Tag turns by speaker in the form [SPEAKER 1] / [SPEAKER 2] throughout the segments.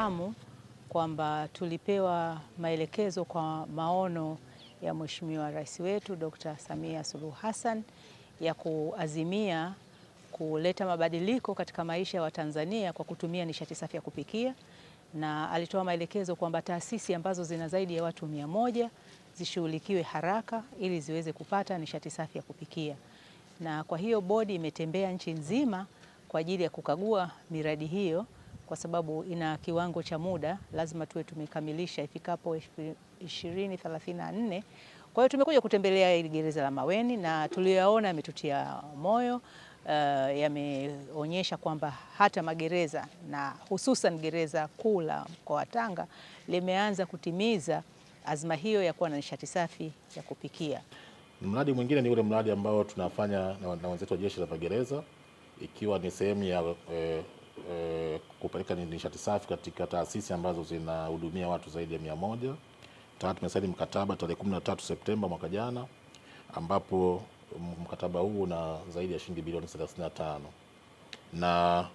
[SPEAKER 1] mnafahamu kwamba tulipewa maelekezo kwa maono ya Mheshimiwa Rais wetu Dr. Samia Suluhu Hassan ya kuazimia kuleta mabadiliko katika maisha ya wa Watanzania kwa kutumia nishati safi ya kupikia, na alitoa maelekezo kwamba taasisi ambazo zina zaidi ya watu mia moja zishughulikiwe haraka ili ziweze kupata nishati safi ya kupikia. Na kwa hiyo bodi imetembea nchi nzima kwa ajili ya kukagua miradi hiyo kwa sababu ina kiwango cha muda, lazima tuwe tumekamilisha ifikapo 2034. Kwa hiyo tumekuja kutembelea hili gereza la Maweni na tuliyoyaona yametutia moyo. Uh, yameonyesha kwamba hata magereza na hususan gereza kuu la mkoa wa Tanga limeanza kutimiza azma hiyo ya kuwa na nishati safi ya kupikia.
[SPEAKER 2] Mradi mwingine ni ule mradi ambao tunafanya na wenzetu wa Jeshi la Magereza ikiwa ni sehemu ya eh, eh, kupeleka nishati safi katika taasisi ambazo zinahudumia watu zaidi ya mia moja. Tayari tumesaini mkataba tarehe 13 Septemba mwaka jana, ambapo mkataba huu una zaidi ya shilingi bilioni 35 na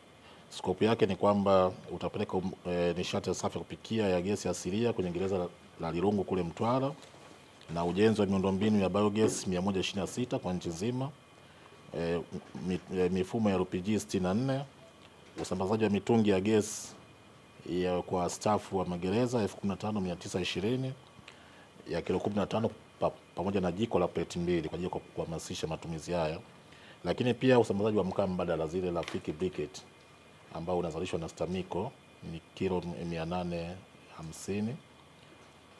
[SPEAKER 2] skopu yake ni kwamba utapeleka e, nishati safi ya kupikia ya gesi asilia kwenye gereza la, Lirungu kule Mtwara na ujenzi wa miundombinu ya biogas 126 kwa nchi nzima, e, mifumo ya RPG 64 usambazaji wa mitungi ya gesi ya kwa stafu wa magereza 15920 ya kilo 15 pa, pamoja na jiko la pleti mbili kwa ajili ya kuhamasisha matumizi haya, lakini pia usambazaji wa mkaa mbadala zile Rafiki briquette ambao unazalishwa na Stamiko ni kilo 850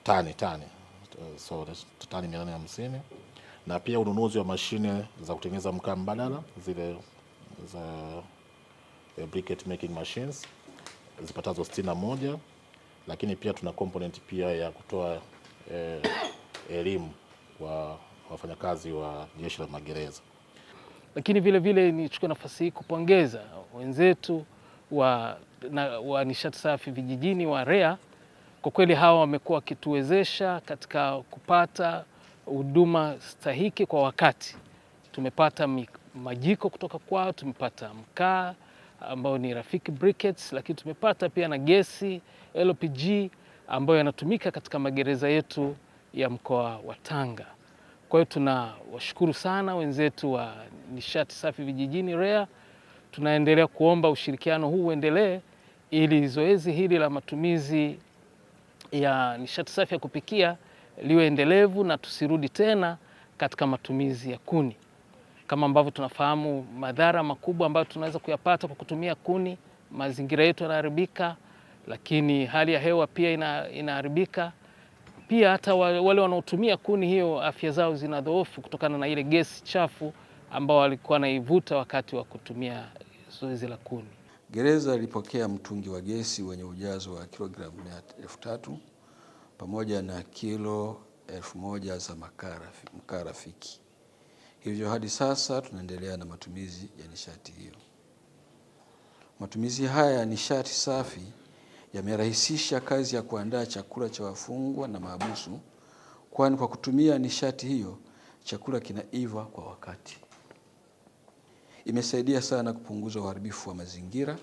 [SPEAKER 2] tani tani so tani 850 na pia ununuzi wa mashine za kutengeneza mkaa mbadala zile za Eh, briquette making machines zipatazo 61, lakini pia tuna component pia ya kutoa eh, elimu kwa wafanyakazi wa jeshi la magereza.
[SPEAKER 3] Lakini vile vile nichukue nafasi hii kupongeza wenzetu wa, na, wa nishati safi vijijini wa REA. Kwa kweli hawa wamekuwa wakituwezesha katika kupata huduma stahiki kwa wakati. Tumepata majiko kutoka kwao, tumepata mkaa ambayo ni rafiki briquettes, lakini tumepata pia na gesi LPG ambayo yanatumika katika magereza yetu ya mkoa wa Tanga. Kwa hiyo tunawashukuru sana wenzetu wa nishati safi vijijini REA. Tunaendelea kuomba ushirikiano huu uendelee ili zoezi hili la matumizi ya nishati safi ya kupikia liwe endelevu na tusirudi tena katika matumizi ya kuni. Kama ambavyo tunafahamu madhara makubwa ambayo tunaweza kuyapata kwa kutumia kuni, mazingira yetu yanaharibika, lakini hali ya hewa pia ina, inaharibika pia hata wale wanaotumia kuni hiyo afya zao zinadhoofu kutokana na ile gesi chafu ambao walikuwa wanaivuta wakati wa kutumia zoezi la kuni.
[SPEAKER 2] Gereza lilipokea mtungi wa gesi wenye ujazo wa kilogramu elfu tatu pamoja na kilo elfu moja za makaa rafiki. Hivyo hadi sasa tunaendelea na matumizi ya nishati hiyo.
[SPEAKER 4] Matumizi haya ya nishati safi yamerahisisha kazi ya kuandaa chakula cha wafungwa na mahabusu, kwani kwa kutumia nishati hiyo chakula kinaiva kwa wakati. Imesaidia sana kupunguza uharibifu wa mazingira,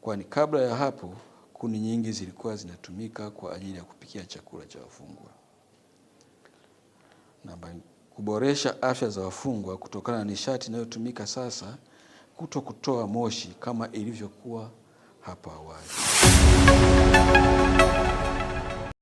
[SPEAKER 4] kwani kabla ya hapo kuni nyingi zilikuwa zinatumika kwa ajili ya kupikia chakula cha wafungwa. Namba kuboresha afya za wafungwa kutokana na nishati inayotumika sasa kuto kutoa moshi kama ilivyokuwa hapo awali.